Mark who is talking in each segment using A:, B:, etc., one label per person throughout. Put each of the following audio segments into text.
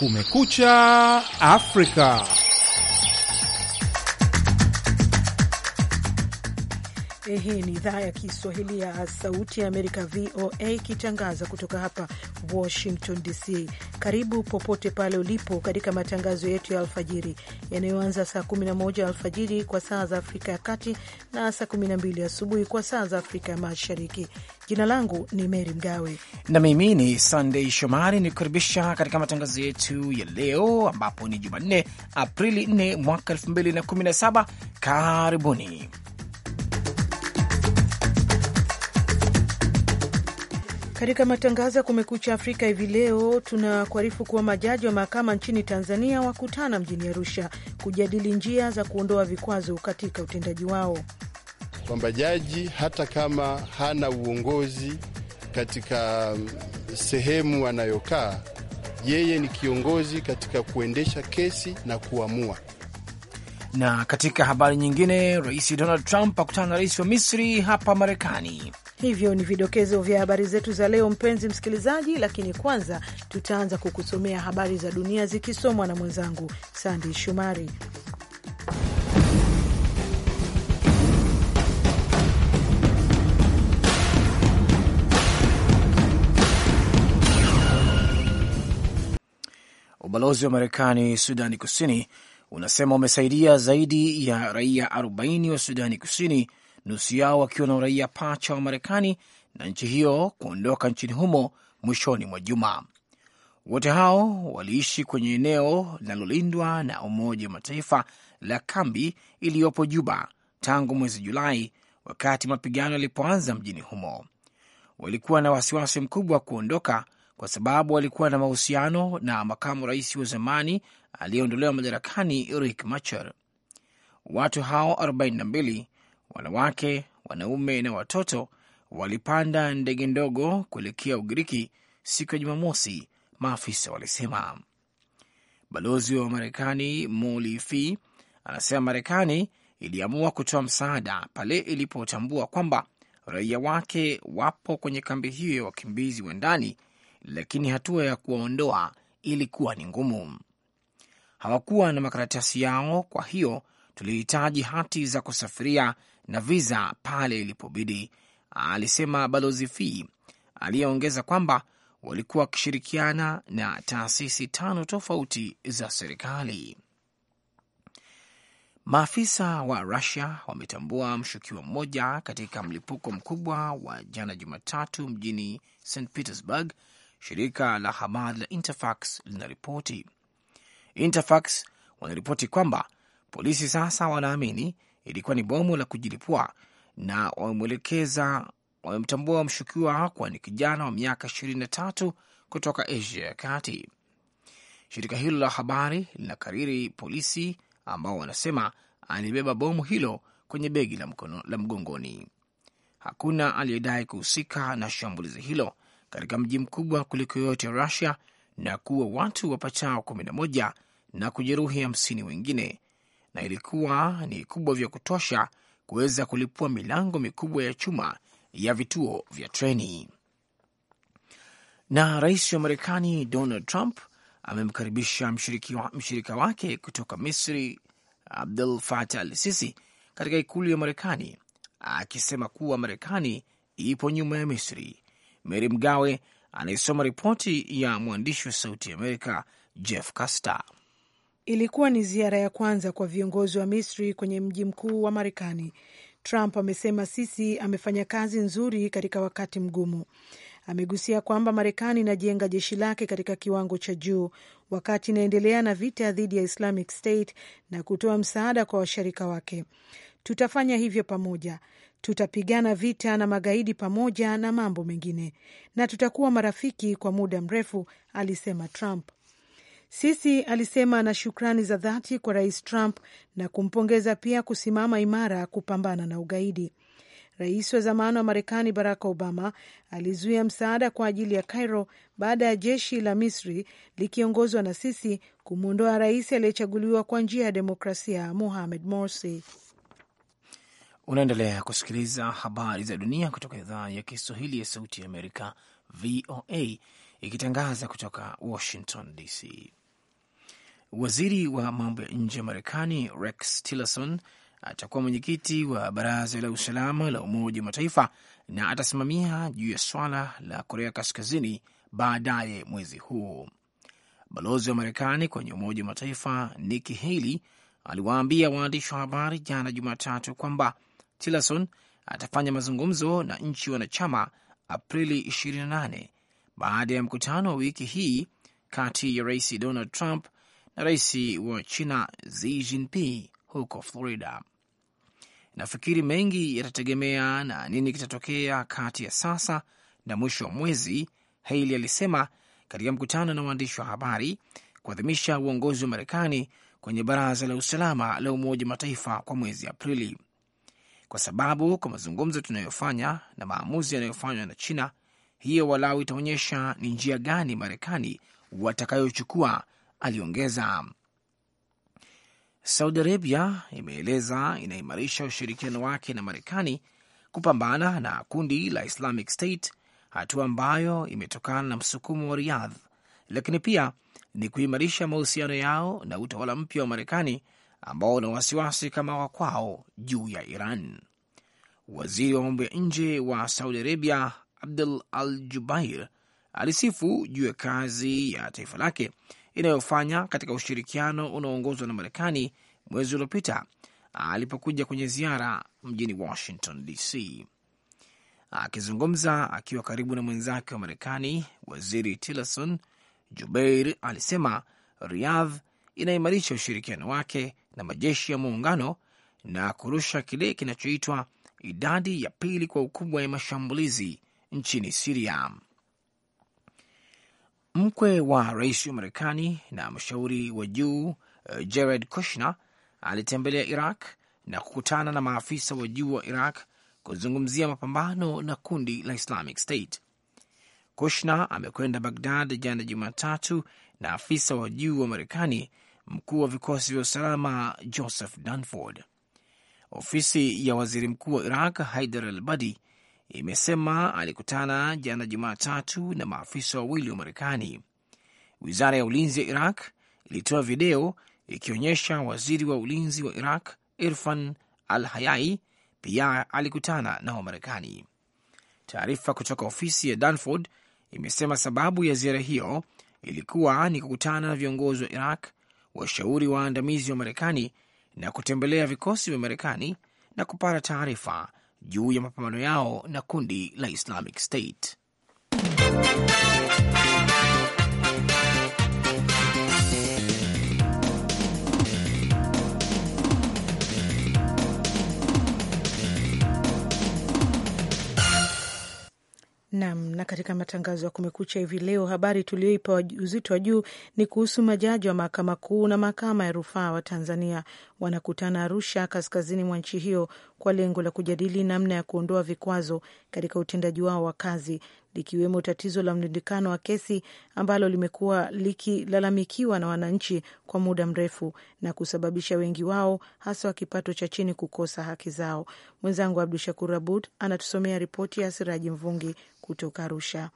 A: Kumekucha Afrika.
B: Eh, hii ni idhaa ya Kiswahili ya Sauti ya Amerika, VOA, ikitangaza kutoka hapa Washington DC. Karibu popote pale ulipo katika matangazo yetu ya alfajiri yanayoanza saa 11 alfajiri kwa saa za Afrika ya Kati na saa 12 asubuhi kwa saa za Afrika ya Mashariki. Jina langu ni Meri Mgawe
C: na mimi ni sandey Shomari, ni kukaribisha katika matangazo yetu ya leo, ambapo ni Jumanne, Aprili 4 mwaka 2017. Karibuni
B: katika matangazo ya Kumekucha Afrika hivi leo. Tunakuarifu kuwa majaji wa mahakama nchini Tanzania wakutana mjini Arusha kujadili njia za kuondoa vikwazo katika utendaji wao
D: kwamba jaji hata kama hana uongozi katika mm, sehemu anayokaa, yeye ni kiongozi katika kuendesha kesi na
C: kuamua. Na katika habari nyingine, Rais Donald Trump akutana na rais wa Misri hapa Marekani.
B: Hivyo ni vidokezo vya habari zetu za leo, mpenzi msikilizaji, lakini kwanza tutaanza kukusomea habari za dunia zikisomwa na mwenzangu Sandey Shumari.
C: Ubalozi wa Marekani Sudani Kusini unasema umesaidia zaidi ya raia 40 wa Sudani Kusini, nusu yao wakiwa na uraia pacha wa Marekani na nchi hiyo kuondoka nchini humo mwishoni mwa juma. Wote hao waliishi kwenye eneo linalolindwa na Umoja wa Mataifa la kambi iliyopo Juba tangu mwezi Julai, wakati mapigano yalipoanza mjini humo. Walikuwa na wasiwasi mkubwa wa kuondoka kwa sababu alikuwa na mahusiano na makamu rais wa zamani aliyeondolewa madarakani rik Machar. Watu hao 42 wanawake, wanaume na watoto walipanda ndege ndogo kuelekea Ugiriki siku ya Jumamosi, maafisa walisema. Balozi wa Marekani Moli Fi anasema Marekani iliamua kutoa msaada pale ilipotambua kwamba raia wake wapo kwenye kambi hiyo ya wakimbizi wa ndani lakini hatua ya kuwaondoa ilikuwa ni ngumu. Hawakuwa na makaratasi yao, kwa hiyo tulihitaji hati za kusafiria na viza pale ilipobidi, alisema balozi Fee, aliyeongeza kwamba walikuwa wakishirikiana na taasisi tano tofauti za serikali. Maafisa wa Rusia wametambua mshukiwa mmoja katika mlipuko mkubwa wa jana Jumatatu mjini St Petersburg shirika la habari la Interfax linaripoti. Interfax wanaripoti kwamba polisi sasa wanaamini ilikuwa ni bomu la kujilipua na wamemwelekeza, wamemtambua mshukiwa kuwa ni kijana wa miaka ishirini na tatu kutoka Asia ya Kati. Shirika hilo la habari linakariri polisi ambao wanasema alibeba bomu hilo kwenye begi la, mkono, la mgongoni. Hakuna aliyedai kuhusika na shambulizi hilo katika mji mkubwa kuliko yote Rusia na kuwa watu wapatao 11 na kujeruhi hamsini wengine, na ilikuwa ni kubwa vya kutosha kuweza kulipua milango mikubwa ya chuma ya vituo vya treni. Na rais wa Marekani Donald Trump amemkaribisha mshirika wake kutoka Misri Abdul Fatah al Sisi katika ikulu ya Marekani akisema kuwa Marekani ipo nyuma ya Misri. Meri Mgawe anayesoma ripoti ya mwandishi wa Sauti ya Amerika Jeff Caster. Ilikuwa
B: ni ziara ya kwanza kwa viongozi wa Misri kwenye mji mkuu wa Marekani. Trump amesema Sisi amefanya kazi nzuri katika wakati mgumu. Amegusia kwamba Marekani inajenga jeshi lake katika kiwango cha juu wakati inaendelea na vita dhidi ya Islamic State na kutoa msaada kwa washirika wake. Tutafanya hivyo pamoja. Tutapigana vita na magaidi pamoja na mambo mengine, na tutakuwa marafiki kwa muda mrefu, alisema Trump. Sisi alisema na shukrani za dhati kwa Rais Trump na kumpongeza pia kusimama imara kupambana na ugaidi. Rais wa zamani wa Marekani Barack Obama alizuia msaada kwa ajili ya Cairo baada ya jeshi la Misri likiongozwa na sisi kumwondoa rais aliyechaguliwa kwa njia ya demokrasia Mohamed Morsi.
C: Unaendelea kusikiliza habari za dunia kutoka idhaa ya Kiswahili ya Sauti ya Amerika, VOA, ikitangaza kutoka Washington DC. Waziri wa mambo ya nje ya Marekani Rex Tillerson atakuwa mwenyekiti wa Baraza la Usalama la Umoja wa Mataifa na atasimamia juu ya swala la Korea Kaskazini baadaye mwezi huu. Balozi wa Marekani kwenye Umoja wa Mataifa Nikki Haley aliwaambia waandishi wa habari jana Jumatatu kwamba Tillerson atafanya mazungumzo na nchi wanachama Aprili 28 baada ya mkutano wa wiki hii kati ya Rais Donald Trump na rais wa China Xi Jinping huko Florida. Nafikiri mengi yatategemea na nini kitatokea kati ya sasa na mwisho wa mwezi, Haley alisema katika mkutano na waandishi wa habari kuadhimisha uongozi wa Marekani kwenye Baraza la Usalama la Umoja Mataifa kwa mwezi Aprili kwa sababu kwa mazungumzo tunayofanya na maamuzi yanayofanywa na China, hiyo walau itaonyesha ni njia gani Marekani watakayochukua, aliongeza. Saudi Arabia imeeleza inaimarisha ushirikiano wake na Marekani kupambana na kundi la Islamic State, hatua ambayo imetokana na msukumo wa Riyadh, lakini pia ni kuimarisha mahusiano yao na utawala mpya wa Marekani ambao na wasiwasi kama wa kwao juu ya Iran. Waziri wa mambo ya nje wa Saudi Arabia Abdul Al Jubair alisifu juu ya kazi ya taifa lake inayofanya katika ushirikiano unaoongozwa na Marekani mwezi uliopita alipokuja kwenye ziara mjini Washington DC. Akizungumza akiwa karibu na mwenzake wa Marekani, waziri Tillerson, Jubeir alisema Riyadh inaimarisha ushirikiano wake na majeshi ya muungano na kurusha kile kinachoitwa idadi ya pili kwa ukubwa ya mashambulizi nchini Siria. Mkwe wa rais wa Marekani na mshauri wa juu uh, Jared Kushner alitembelea Iraq na kukutana na maafisa wa juu wa Iraq kuzungumzia mapambano na kundi la Islamic State. Kushner amekwenda Bagdad jana Jumatatu na afisa wa juu wa Marekani mkuu wa vikosi vya usalama Joseph Dunford. Ofisi ya waziri mkuu wa Iraq Haidar al Badi imesema alikutana jana Jumatatu na maafisa wawili wa Marekani. Wizara ya ulinzi ya Iraq ilitoa video ikionyesha waziri wa ulinzi wa Iraq Irfan al Hayai pia alikutana na Wamarekani. Taarifa kutoka ofisi ya Danford imesema sababu ya ziara hiyo ilikuwa ni kukutana na viongozi wa Iraq washauri waandamizi wa Marekani na kutembelea vikosi vya Marekani na kupata taarifa juu ya mapambano yao na kundi la Islamic State.
B: Nam. Na katika matangazo ya Kumekucha hivi leo, habari tulioipa uzito wa juu ni kuhusu majaji wa mahakama kuu na mahakama ya rufaa wa Tanzania wanakutana Arusha, kaskazini mwa nchi hiyo kwa lengo la kujadili namna ya kuondoa vikwazo katika utendaji wao wa kazi, likiwemo tatizo la mlindikano wa kesi ambalo limekuwa likilalamikiwa na wananchi kwa muda mrefu na kusababisha wengi wao, hasa wa kipato cha chini, kukosa haki zao. Mwenzangu Abdu Shakur Abud anatusomea ripoti ya Siraji Mvungi kutoka Arusha.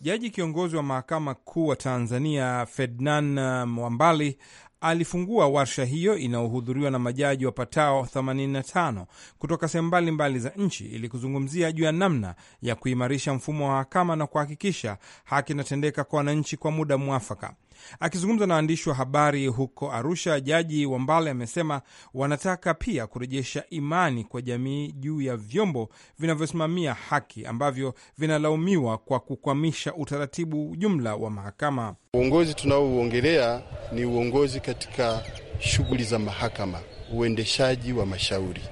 A: Jaji kiongozi wa mahakama kuu wa Tanzania fednan uh, Mwambali Alifungua warsha hiyo inayohudhuriwa na majaji wapatao 85 kutoka sehemu mbalimbali za nchi ili kuzungumzia juu ya namna ya kuimarisha mfumo wa mahakama na kuhakikisha haki inatendeka kwa wananchi kwa muda mwafaka. Akizungumza na waandishi wa habari huko Arusha, Jaji Wambale amesema wanataka pia kurejesha imani kwa jamii juu ya vyombo vinavyosimamia haki ambavyo vinalaumiwa kwa kukwamisha utaratibu jumla wa mahakama.
D: Uongozi tunaouongelea ni uongozi katika shughuli za mahakama, uendeshaji wa mashauri,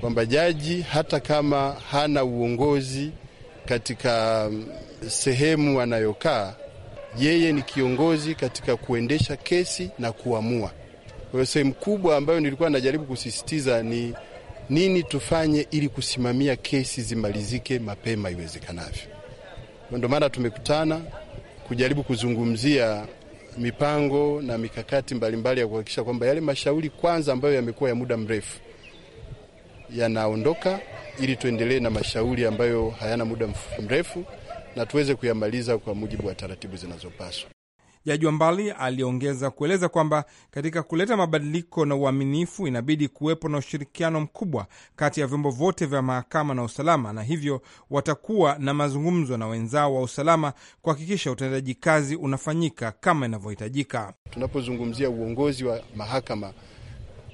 D: kwamba jaji hata kama hana uongozi katika mm, sehemu anayokaa yeye ni kiongozi katika kuendesha kesi na kuamua. Kwa hiyo sehemu kubwa ambayo nilikuwa najaribu kusisitiza ni nini tufanye ili kusimamia kesi zimalizike mapema iwezekanavyo. Ndio maana tumekutana kujaribu kuzungumzia mipango na mikakati mbalimbali ya kuhakikisha kwamba yale mashauri kwanza ambayo yamekuwa ya muda mrefu yanaondoka, ili tuendelee na mashauri ambayo hayana muda mrefu na tuweze kuyamaliza kwa mujibu wa taratibu zinazopaswa.
A: Jaji Wambali aliongeza kueleza kwamba katika kuleta mabadiliko na uaminifu inabidi kuwepo na ushirikiano mkubwa kati ya vyombo vyote vya mahakama na usalama, na hivyo watakuwa na mazungumzo na wenzao wa usalama kuhakikisha utendaji kazi unafanyika kama inavyohitajika.
D: Tunapozungumzia uongozi wa mahakama,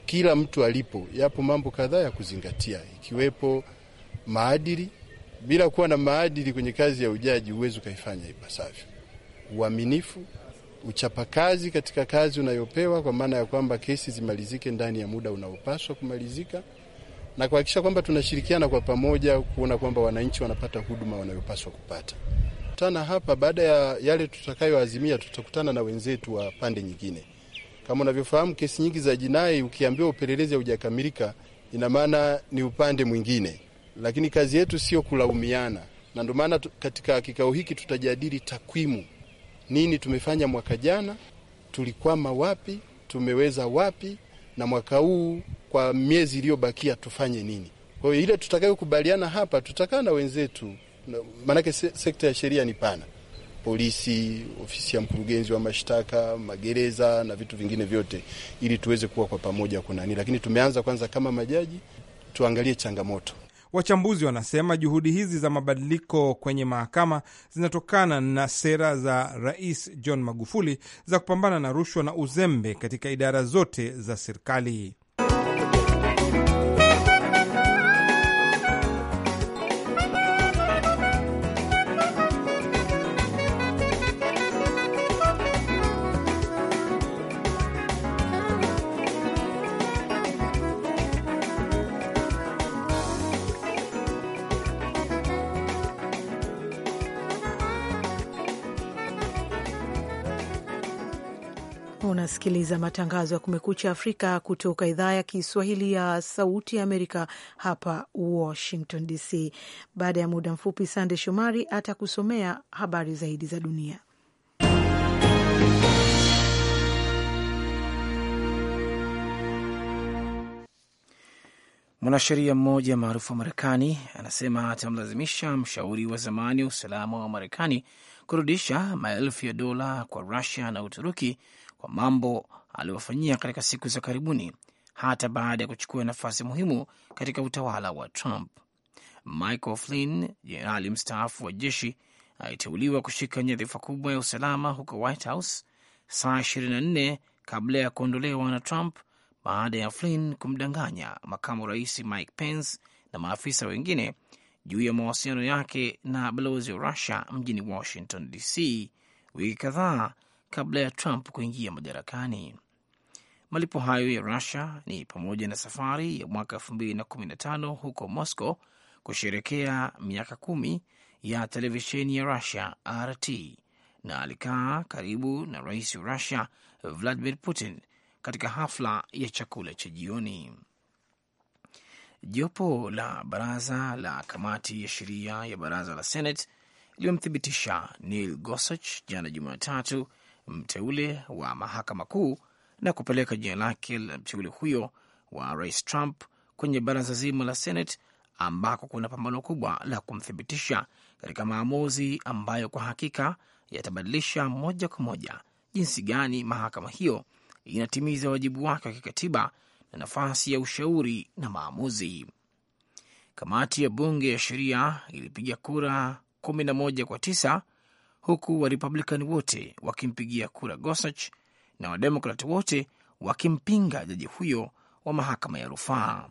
D: kila mtu alipo, yapo mambo kadhaa ya kuzingatia, ikiwepo maadili bila kuwa na maadili kwenye kazi ya ujaji huwezi ukaifanya ipasavyo. Uaminifu, uchapakazi katika kazi unayopewa, kwa maana ya kwamba kesi zimalizike ndani ya muda unaopaswa kumalizika, na kuhakikisha kwamba tunashirikiana kwa pamoja kuona kwamba wananchi wanapata huduma wanayopaswa kupata. Tana hapa, baada ya yale tutakayoazimia, tutakutana na wenzetu wa pande nyingine. Kama unavyofahamu, kesi nyingi za jinai, ukiambiwa upelelezi haujakamilika, ina maana ni upande mwingine lakini kazi yetu sio kulaumiana, na ndio maana katika kikao hiki tutajadili takwimu, nini tumefanya mwaka jana, tulikwama wapi, tumeweza wapi, na mwaka huu kwa miezi iliyobakia tufanye nini. Kwa hiyo ile tutakayokubaliana hapa, tutakaa na wenzetu, maanake sekta ya sheria ni pana, polisi, ofisi ya mkurugenzi wa mashtaka, magereza na vitu vingine vyote, ili tuweze kuwa kwa pamoja kunani. Lakini tumeanza kwanza kama majaji, tuangalie changamoto.
A: Wachambuzi wanasema juhudi hizi za mabadiliko kwenye mahakama zinatokana na sera za Rais John Magufuli za kupambana na rushwa na uzembe katika idara zote za serikali.
B: unasikiliza matangazo ya Kumekucha Afrika kutoka idhaa ya Kiswahili ya Sauti ya Amerika hapa Washington DC. Baada ya muda mfupi, Sande Shomari atakusomea habari zaidi za dunia.
C: Mwanasheria mmoja maarufu wa Marekani anasema atamlazimisha mshauri wa zamani wa usalama wa Marekani kurudisha maelfu ya dola kwa Rusia na Uturuki kwa mambo aliyofanyia katika siku za karibuni, hata baada ya kuchukua nafasi muhimu katika utawala wa Trump. Michael Flynn, jenerali mstaafu wa jeshi, aliteuliwa kushika nyadhifa kubwa ya usalama huko White House saa 24 kabla ya kuondolewa na Trump baada ya Flynn kumdanganya makamu rais Mike Pence na maafisa wengine juu ya mawasiliano yake na balozi wa Rusia mjini Washington DC wiki kadhaa kabla ya Trump kuingia madarakani. Malipo hayo ya Rusia ni pamoja na safari ya mwaka tano huko Moscow kusherekea miaka kumi ya televisheni ya Rusia RT, na alikaa karibu na rais wa Rusia Vladimir Putin katika hafla ya chakula cha jioni. Jopo la baraza la kamati ya sheria ya baraza la Senate limemthibitisha Neil Gorsuch jana Jumatatu mteule wa mahakama kuu na kupeleka jina lake la mteule huyo wa rais Trump kwenye baraza zima la Senate ambako kuna pambano kubwa la kumthibitisha katika maamuzi ambayo kwa hakika yatabadilisha moja kwa moja jinsi gani mahakama hiyo inatimiza wajibu wake wa kikatiba na nafasi ya ushauri na maamuzi. Kamati ya bunge ya sheria ilipiga kura kumi na moja kwa tisa huku Warepublican wote wakimpigia kura Gorsuch na Wademokrat wote wakimpinga jaji huyo wa mahakama ya rufaa.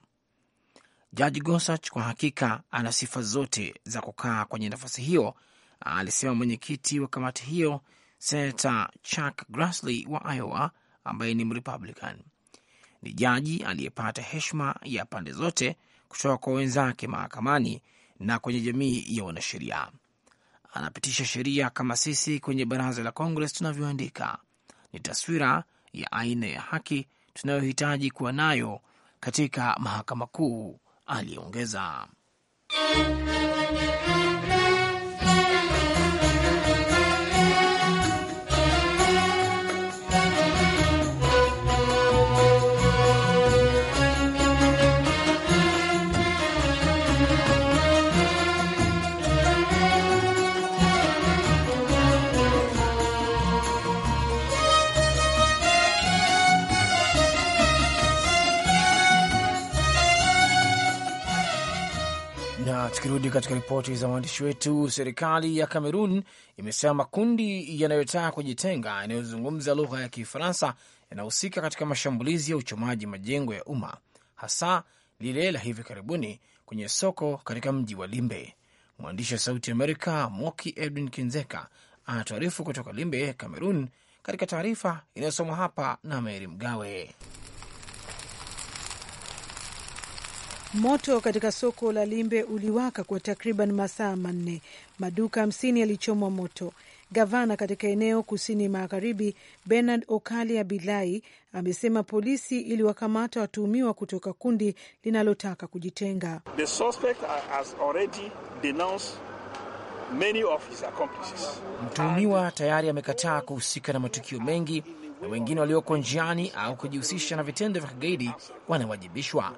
C: Jaji Gorsuch kwa hakika ana sifa zote za kukaa kwenye nafasi hiyo, alisema mwenyekiti wa kamati hiyo Senata Chuck Grassley wa Iowa ambaye ni Mrepublican. Ni jaji aliyepata heshima ya pande zote kutoka kwa wenzake mahakamani na kwenye jamii ya wanasheria anapitisha sheria kama sisi kwenye baraza la Congress tunavyoandika. Ni taswira ya aina ya haki tunayohitaji kuwa nayo katika mahakama kuu, aliyeongeza Tukirudi katika ripoti za waandishi wetu, serikali ya Kamerun imesema makundi yanayotaka kujitenga yanayozungumza lugha ya Kifaransa yanahusika katika mashambulizi ya uchomaji majengo ya umma, hasa lile la hivi karibuni kwenye soko katika mji wa Limbe. Mwandishi wa Sauti Amerika Moki Edwin Kinzeka anatuarifu kutoka Limbe, Kamerun, katika taarifa inayosomwa hapa na Meri Mgawe.
B: Moto katika soko la Limbe uliwaka kwa takriban masaa manne. Maduka hamsini yalichomwa moto. Gavana katika eneo kusini magharibi Bernard Okalia Bilai amesema polisi iliwakamata watuhumiwa kutoka kundi linalotaka kujitenga.
D: The suspect has already denounced many of his accomplices.
C: Mtuhumiwa tayari amekataa kuhusika na matukio mengi na wengine walioko njiani au kujihusisha na vitendo vya kigaidi wanawajibishwa.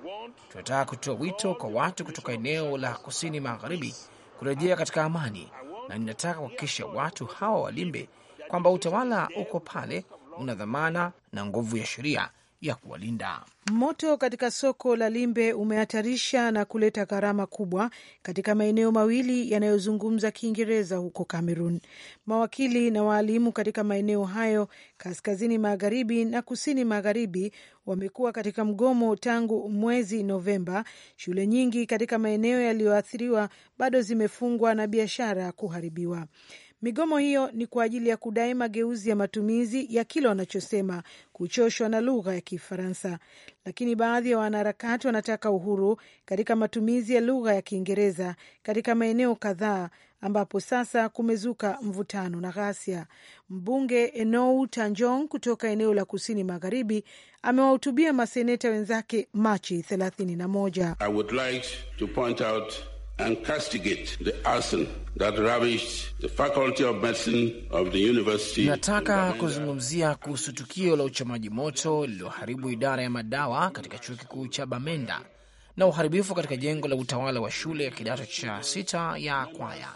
C: Tunataka kutoa wito kwa watu kutoka eneo la kusini magharibi kurejea katika amani, na ninataka kuhakikisha watu hawa walimbe kwamba utawala uko pale una dhamana na nguvu ya sheria ya kuwalinda.
B: Moto katika soko la Limbe umehatarisha na kuleta gharama kubwa katika maeneo mawili yanayozungumza Kiingereza huko Kamerun. Mawakili na waalimu katika maeneo hayo kaskazini magharibi na kusini magharibi wamekuwa katika mgomo tangu mwezi Novemba. Shule nyingi katika maeneo yaliyoathiriwa bado zimefungwa na biashara kuharibiwa. Migomo hiyo ni kwa ajili ya kudai mageuzi ya matumizi ya kile wanachosema kuchoshwa na lugha ya Kifaransa, lakini baadhi ya wanaharakati wanataka uhuru katika matumizi ya lugha ya Kiingereza katika maeneo kadhaa ambapo sasa kumezuka mvutano na ghasia. Mbunge Enou Tanjong kutoka eneo la kusini magharibi amewahutubia maseneta wenzake Machi 31
D: and castigate the arson that ravished the faculty of medicine of the university. Nataka
C: kuzungumzia kuhusu tukio la uchomaji moto lililoharibu idara ya madawa katika chuo kikuu cha Bamenda na uharibifu katika jengo la utawala wa shule ya kidato cha sita ya Kwaya.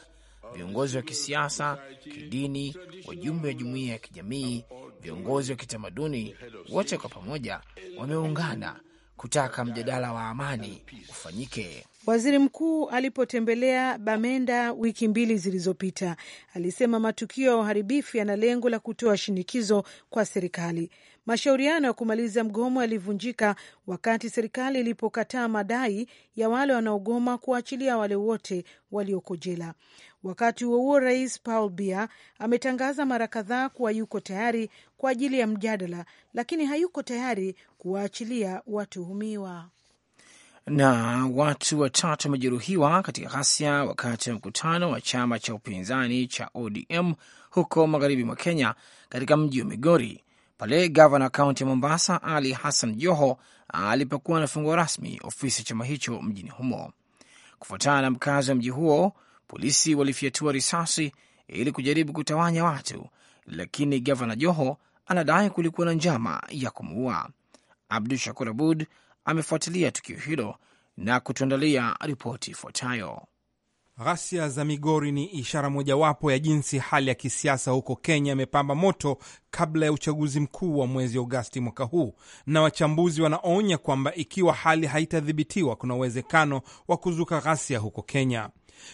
C: Viongozi wa kisiasa, kidini, wajumbe wa jumuiya ya kijamii, viongozi wa kitamaduni, wote kwa pamoja wameungana kutaka mjadala wa amani ufanyike.
B: Waziri mkuu alipotembelea Bamenda wiki mbili zilizopita, alisema matukio ya uharibifu yana lengo la kutoa shinikizo kwa serikali. Mashauriano ya kumaliza mgomo yalivunjika wakati serikali ilipokataa madai ya wale wanaogoma kuachilia wale wote walioko jela. Wakati huo huo, rais Paul Bia ametangaza mara kadhaa kuwa yuko tayari kwa ajili ya mjadala, lakini hayuko tayari kuwaachilia watuhumiwa.
C: Na watu watatu wamejeruhiwa katika ghasia wakati wa mkutano wa chama cha upinzani cha ODM huko magharibi mwa Kenya, katika mji wa Migori pale gavana kaunti ya Mombasa Ali Hassan Joho alipokuwa anafungua rasmi ofisi ya chama hicho mjini humo. Kufuatana na mkazi wa mji huo, polisi walifyatua risasi ili kujaribu kutawanya watu, lakini gavana Joho anadai kulikuwa na njama ya kumuua. Abdu Shakur Abud amefuatilia tukio hilo na kutuandalia ripoti ifuatayo.
A: Ghasia za Migori ni ishara mojawapo ya jinsi hali ya kisiasa huko Kenya imepamba moto kabla ya uchaguzi mkuu wa mwezi Agosti mwaka huu, na wachambuzi wanaonya kwamba ikiwa hali haitadhibitiwa, kuna uwezekano wa kuzuka ghasia huko Kenya.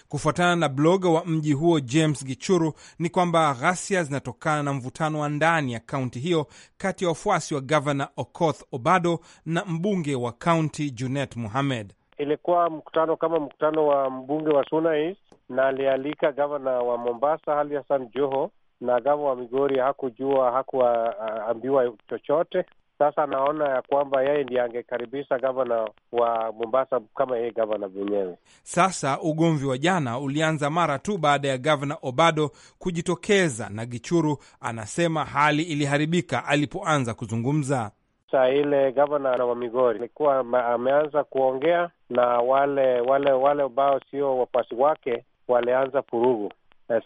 A: Kufuatana na bloga wa mji huo James Gichuru, ni kwamba ghasia zinatokana na mvutano wa ndani ya kaunti hiyo kati ya wafuasi wa gavana Okoth Obado na mbunge wa kaunti Junet Muhamed.
E: Ilikuwa mkutano kama mkutano wa mbunge wa Sunai, na alialika gavana wa Mombasa Ali Hassan Joho, na gavana wa Migori hakujua, hakuambiwa ah, chochote. Sasa naona ya kwamba yeye ndiye angekaribisha gavana wa Mombasa kama yeye gavana mwenyewe.
A: Sasa ugomvi wa jana ulianza mara tu baada ya gavana Obado kujitokeza, na Gichuru anasema hali iliharibika alipoanza kuzungumza.
E: Saa ile gavana wa Migori alikuwa ameanza kuongea na wale wale wale ambao sio wafuasi wake, walianza furugu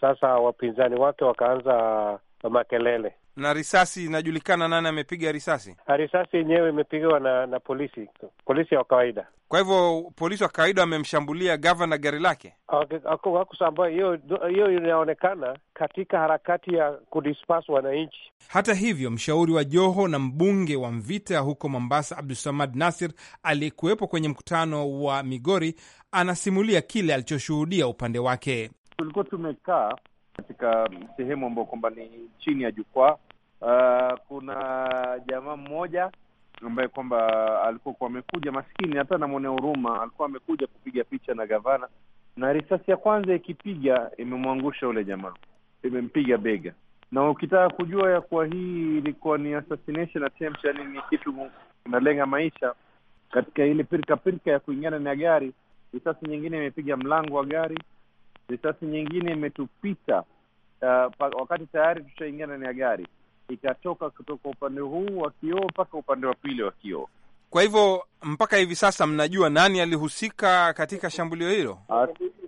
E: Sasa wapinzani wake wakaanza makelele
A: na risasi inajulikana nani amepiga risasi? Risasi yenyewe imepigiwa na na polisi, polisi wa kawaida. Kwa hivyo polisi wa kawaida wamemshambulia gavana gari
E: lake. Wakusambua hiyo hiyo, inaonekana katika harakati ya kudispas wananchi.
A: Hata hivyo, mshauri wa Joho na mbunge wa Mvita huko Mombasa, Abdusamad Nasir, aliyekuwepo kwenye mkutano wa Migori, anasimulia kile alichoshuhudia upande wake.
E: Tulikuwa tumekaa katika sehemu ambayo kwamba ni chini ya jukwaa. Uh, kuna jamaa mmoja ambaye kwamba alikuwa kuwa amekuja maskini, hata namwonea huruma, alikuwa amekuja kupiga picha na gavana, na risasi ya kwanza ikipiga imemwangusha ule jamaa, imempiga bega. Na ukitaka kujua ya kuwa hii ilikuwa ni assassination attempt, yani ni kitu inalenga maisha, katika ile pirikapirika ya kuingana na gari, risasi nyingine imepiga mlango wa gari risasi nyingine imetupita uh, wakati tayari tushaingia ndani ya gari, ikatoka kutoka upande huu wa kioo mpaka upande wa pili wa kioo.
A: Kwa hivyo mpaka hivi sasa mnajua nani alihusika katika shambulio hilo?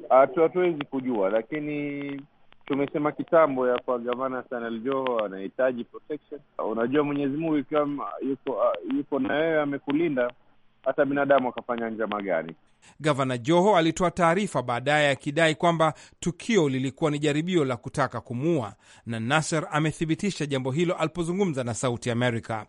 E: Hatuwezi kujua, lakini tumesema kitambo ya kwa gavana Sanel Joho anahitaji protection. Unajua Mwenyezi Mungu ikiwa yuko, uh, yuko na wewe amekulinda hata binadamu akafanya njama gani.
A: Gavana Joho alitoa taarifa baadaye akidai kwamba tukio lilikuwa ni jaribio la kutaka kumuua, na Nasser amethibitisha jambo hilo alipozungumza na Sauti Amerika.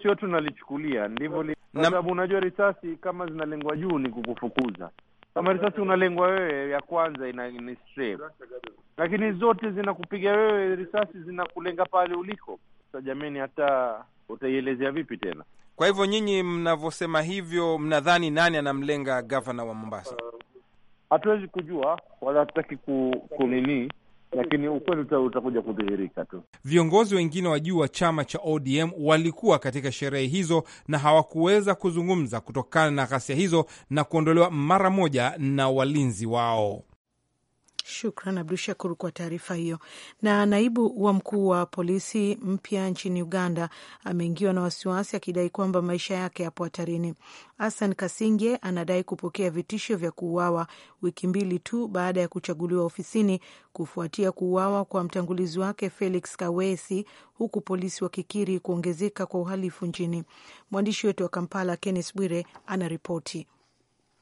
E: Sio tunalichukulia ndivyo li... sababu unajua risasi kama zinalengwa juu ni kukufukuza. Kama risasi unalengwa wewe, ya kwanza ina, ina lakini zote zinakupiga wewe, risasi zinakulenga pale uliko. Sasa jameni, hata utaielezea vipi tena? Kwa
A: hivyo nyinyi mnavyosema hivyo, mnadhani nani anamlenga gavana wa Mombasa?
E: Hatuwezi kujua wala hatutaki kunini lakini ukweli utakuja kudhihirika tu.
A: Viongozi wengine wa juu wa chama cha ODM walikuwa katika sherehe hizo na hawakuweza kuzungumza kutokana na ghasia hizo na kuondolewa mara moja na walinzi wao.
B: Shukran Abdu Shakur kwa taarifa hiyo. Na naibu wa mkuu wa polisi mpya nchini Uganda ameingiwa na wasiwasi akidai kwamba maisha yake yapo hatarini. Hassan Kasingye anadai kupokea vitisho vya kuuawa wiki mbili tu baada ya kuchaguliwa ofisini kufuatia kuuawa kwa mtangulizi wake Felix Kaweesi, huku polisi wakikiri kuongezeka kwa uhalifu nchini. Mwandishi wetu wa Kampala Kenneth Bwire anaripoti.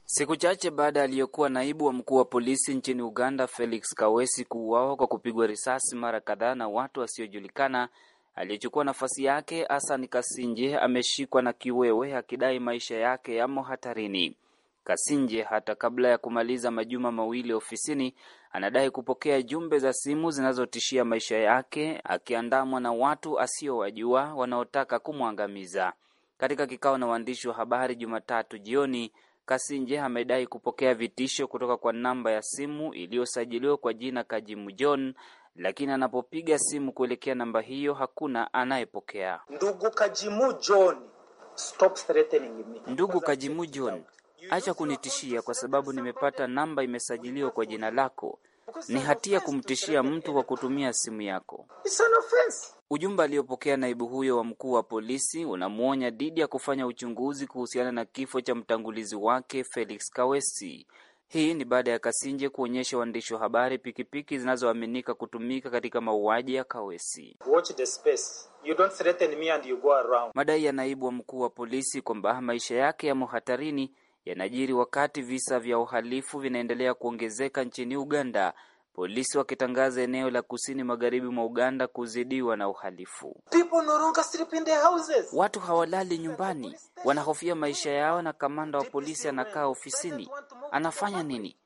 F: Siku chache baada ya aliyekuwa naibu wa mkuu wa polisi nchini Uganda Felix kawesi kuuawa kwa kupigwa risasi mara kadhaa na watu wasiojulikana, aliyechukua nafasi yake Hassan Kasinje ameshikwa na kiwewe akidai maisha yake yamo hatarini. Kasinje hata kabla ya kumaliza majuma mawili ofisini, anadai kupokea jumbe za simu zinazotishia maisha yake, akiandamwa na watu asiowajua wanaotaka kumwangamiza. Katika kikao na waandishi wa habari Jumatatu jioni Kasinje amedai kupokea vitisho kutoka kwa namba ya simu iliyosajiliwa kwa jina Kajimu John, lakini anapopiga simu kuelekea namba hiyo hakuna anayepokea. Ndugu Kajimu John, stop
G: threatening
F: me. Ndugu Kajimu John, acha kunitishia kwa sababu nimepata namba imesajiliwa kwa jina lako. Ni hatia kumtishia mtu kwa kutumia simu yako. It's an offense. Ujumbe aliopokea naibu huyo wa mkuu wa polisi unamwonya dhidi ya kufanya uchunguzi kuhusiana na kifo cha mtangulizi wake Felix kawesi Hii ni baada ya Kasinje kuonyesha waandishi wa habari pikipiki zinazoaminika kutumika katika mauaji ya kawesi Madai ya naibu wa mkuu wa polisi kwamba maisha yake yamo hatarini yanajiri wakati visa vya uhalifu vinaendelea kuongezeka nchini Uganda polisi wakitangaza eneo la kusini magharibi mwa Uganda kuzidiwa na uhalifu. Watu hawalali nyumbani, wanahofia maisha yao, na kamanda wa polisi anakaa ofisini. Anafanya nini?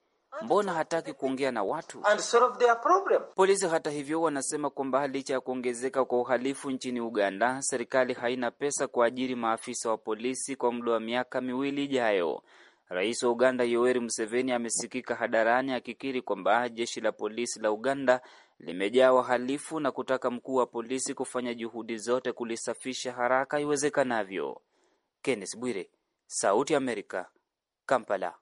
F: Mbona hataki kuongea na watu? Polisi hata hivyo wanasema kwamba licha ya kuongezeka kwa uhalifu nchini Uganda, serikali haina pesa kuajiri maafisa wa polisi kwa muda wa miaka miwili ijayo. Rais wa Uganda Yoweri Museveni amesikika hadharani akikiri kwamba jeshi la polisi la Uganda limejaa wahalifu na kutaka mkuu wa polisi kufanya juhudi zote kulisafisha haraka iwezekanavyo. Kenneth Bwire, Sauti ya Amerika, Kampala.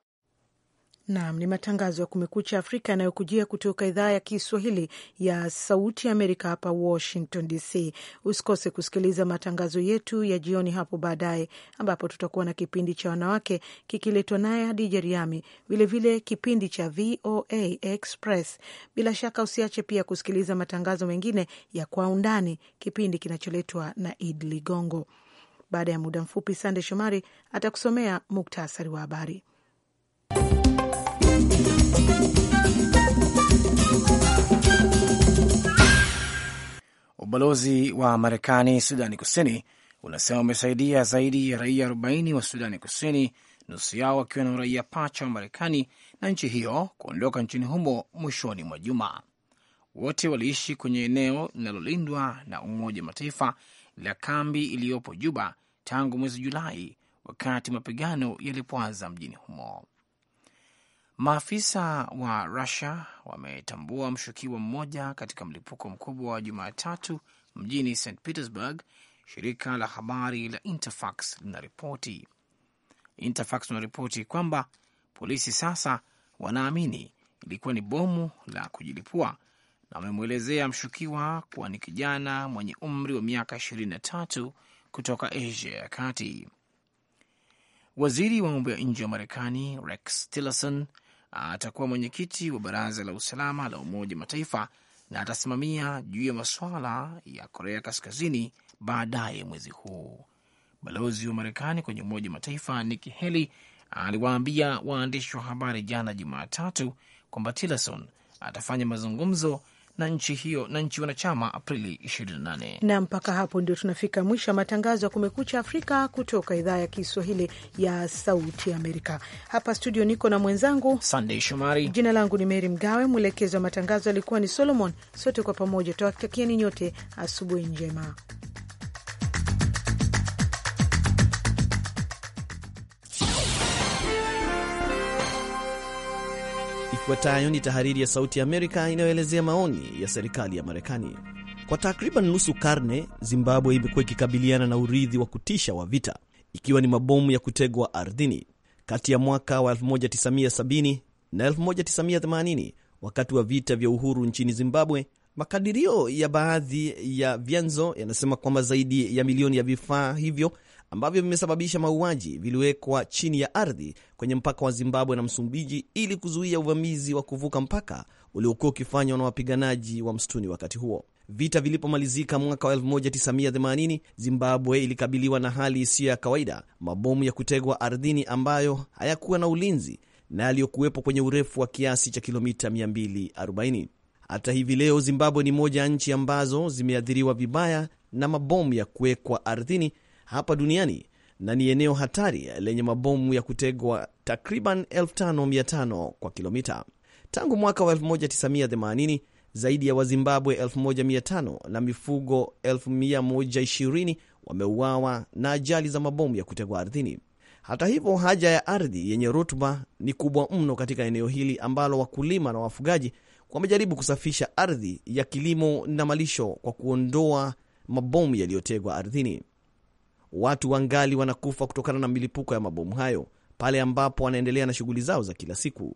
B: Naam, ni matangazo ya Kumekucha Afrika yanayokujia kutoka idhaa ya Kiswahili ya Sauti ya Amerika hapa Washington DC. Usikose kusikiliza matangazo yetu ya jioni hapo baadaye, ambapo tutakuwa na kipindi cha wanawake kikiletwa naye Hadija Riami, vilevile kipindi cha VOA Express. Bila shaka usiache pia kusikiliza matangazo mengine ya Kwa Undani, kipindi kinacholetwa na Id Ligongo. Baada ya muda mfupi, Sande Shomari atakusomea muktasari wa habari.
C: Ubalozi wa Marekani Sudani Kusini unasema umesaidia zaidi ya raia 40 wa Sudani Kusini, nusu yao wakiwa na uraia pacha wa Marekani na nchi hiyo kuondoka nchini humo mwishoni mwa juma. Wote waliishi kwenye eneo linalolindwa na Umoja Mataifa la kambi iliyopo Juba tangu mwezi Julai, wakati mapigano yalipoanza mjini humo. Maafisa wa Rusia wametambua mshukiwa mmoja katika mlipuko mkubwa wa Jumatatu mjini St Petersburg, shirika la habari la Interfax linaripoti. Interfax linaripoti kwamba polisi sasa wanaamini ilikuwa ni bomu la kujilipua na wamemwelezea mshukiwa kuwa ni kijana mwenye umri wa miaka 23 kutoka Asia ya Kati. Waziri wa mambo ya nje wa Marekani Rex Tillerson atakuwa mwenyekiti wa baraza la usalama la Umoja Mataifa na atasimamia juu ya masuala ya Korea Kaskazini baadaye mwezi huu. Balozi wa Marekani kwenye Umoja Mataifa Nikki Haley aliwaambia waandishi wa habari jana Jumatatu kwamba Tillerson atafanya mazungumzo na nchi hiyo na nchi wanachama Aprili 28.
B: Na mpaka hapo ndio tunafika mwisho wa matangazo ya Kumekucha Afrika kutoka idhaa ya Kiswahili ya Sauti Amerika. Hapa studio niko na mwenzangu
C: Sandey Shomari.
B: Jina langu ni Meri Mgawe, mwelekezi wa matangazo alikuwa ni Solomon. Sote kwa pamoja twawatakieni nyote asubuhi njema.
G: Ifuatayo ni tahariri ya Sauti ya Amerika inayoelezea maoni ya serikali ya Marekani. Kwa takriban nusu karne, Zimbabwe imekuwa ikikabiliana na urithi wa kutisha wa vita, ikiwa ni mabomu ya kutegwa ardhini kati ya mwaka wa 1970 na 1980 wakati wa vita vya uhuru nchini Zimbabwe. Makadirio ya baadhi ya vyanzo yanasema kwamba zaidi ya milioni ya vifaa hivyo ambavyo vimesababisha mauaji viliwekwa chini ya ardhi kwenye mpaka wa Zimbabwe na Msumbiji ili kuzuia uvamizi wa kuvuka mpaka uliokuwa ukifanywa na wapiganaji wa msituni wakati huo. Vita vilipomalizika mwaka wa 1980 Zimbabwe ilikabiliwa na hali isiyo ya kawaida, mabomu ya kutegwa ardhini ambayo hayakuwa na ulinzi na yaliyokuwepo kwenye urefu wa kiasi cha kilomita 240. Hata hivi leo Zimbabwe ni moja ya nchi ambazo zimeathiriwa vibaya na mabomu ya kuwekwa ardhini hapa duniani na ni eneo hatari lenye mabomu ya kutegwa takriban 5500 kwa kilomita. Tangu mwaka wa 1980 zaidi ya Wazimbabwe 1500 na mifugo 120 wameuawa na ajali za mabomu ya kutegwa ardhini. Hata hivyo, haja ya ardhi yenye rutuba ni kubwa mno katika eneo hili ambalo wakulima na wafugaji wamejaribu kusafisha ardhi ya kilimo na malisho kwa kuondoa mabomu yaliyotegwa ardhini watu wangali wanakufa kutokana na milipuko ya mabomu hayo pale ambapo wanaendelea na shughuli zao za kila siku.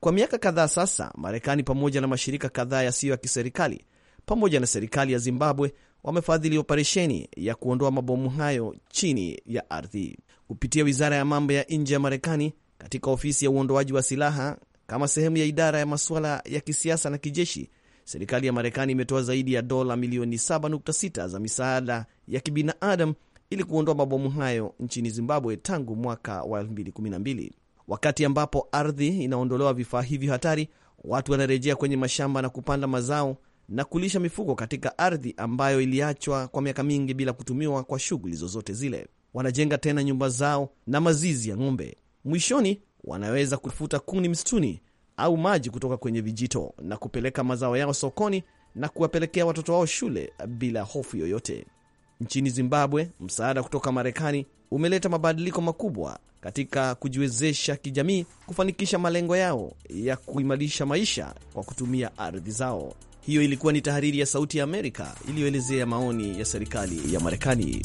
G: Kwa miaka kadhaa sasa, Marekani pamoja na mashirika kadhaa yasiyo ya kiserikali pamoja na serikali ya Zimbabwe wamefadhili operesheni ya kuondoa mabomu hayo chini ya ardhi kupitia wizara ya mambo ya nje ya Marekani katika ofisi ya uondoaji wa silaha kama sehemu ya idara ya masuala ya kisiasa na kijeshi. Serikali ya Marekani imetoa zaidi ya dola milioni 7.6 za misaada ya kibinadamu ili kuondoa mabomu hayo nchini Zimbabwe tangu mwaka wa 2012. Wakati ambapo ardhi inaondolewa vifaa hivyo hatari, watu wanarejea kwenye mashamba na kupanda mazao na kulisha mifugo katika ardhi ambayo iliachwa kwa miaka mingi bila kutumiwa kwa shughuli zozote zile. Wanajenga tena nyumba zao na mazizi ya ng'ombe. Mwishoni wanaweza kufuta kuni msituni au maji kutoka kwenye vijito na kupeleka mazao yao sokoni na kuwapelekea watoto wao shule bila hofu yoyote. Nchini Zimbabwe, msaada kutoka Marekani umeleta mabadiliko makubwa katika kujiwezesha kijamii kufanikisha malengo yao ya kuimarisha maisha kwa kutumia ardhi zao. Hiyo ilikuwa ni tahariri ya Sauti ya Amerika iliyoelezea maoni ya serikali ya Marekani.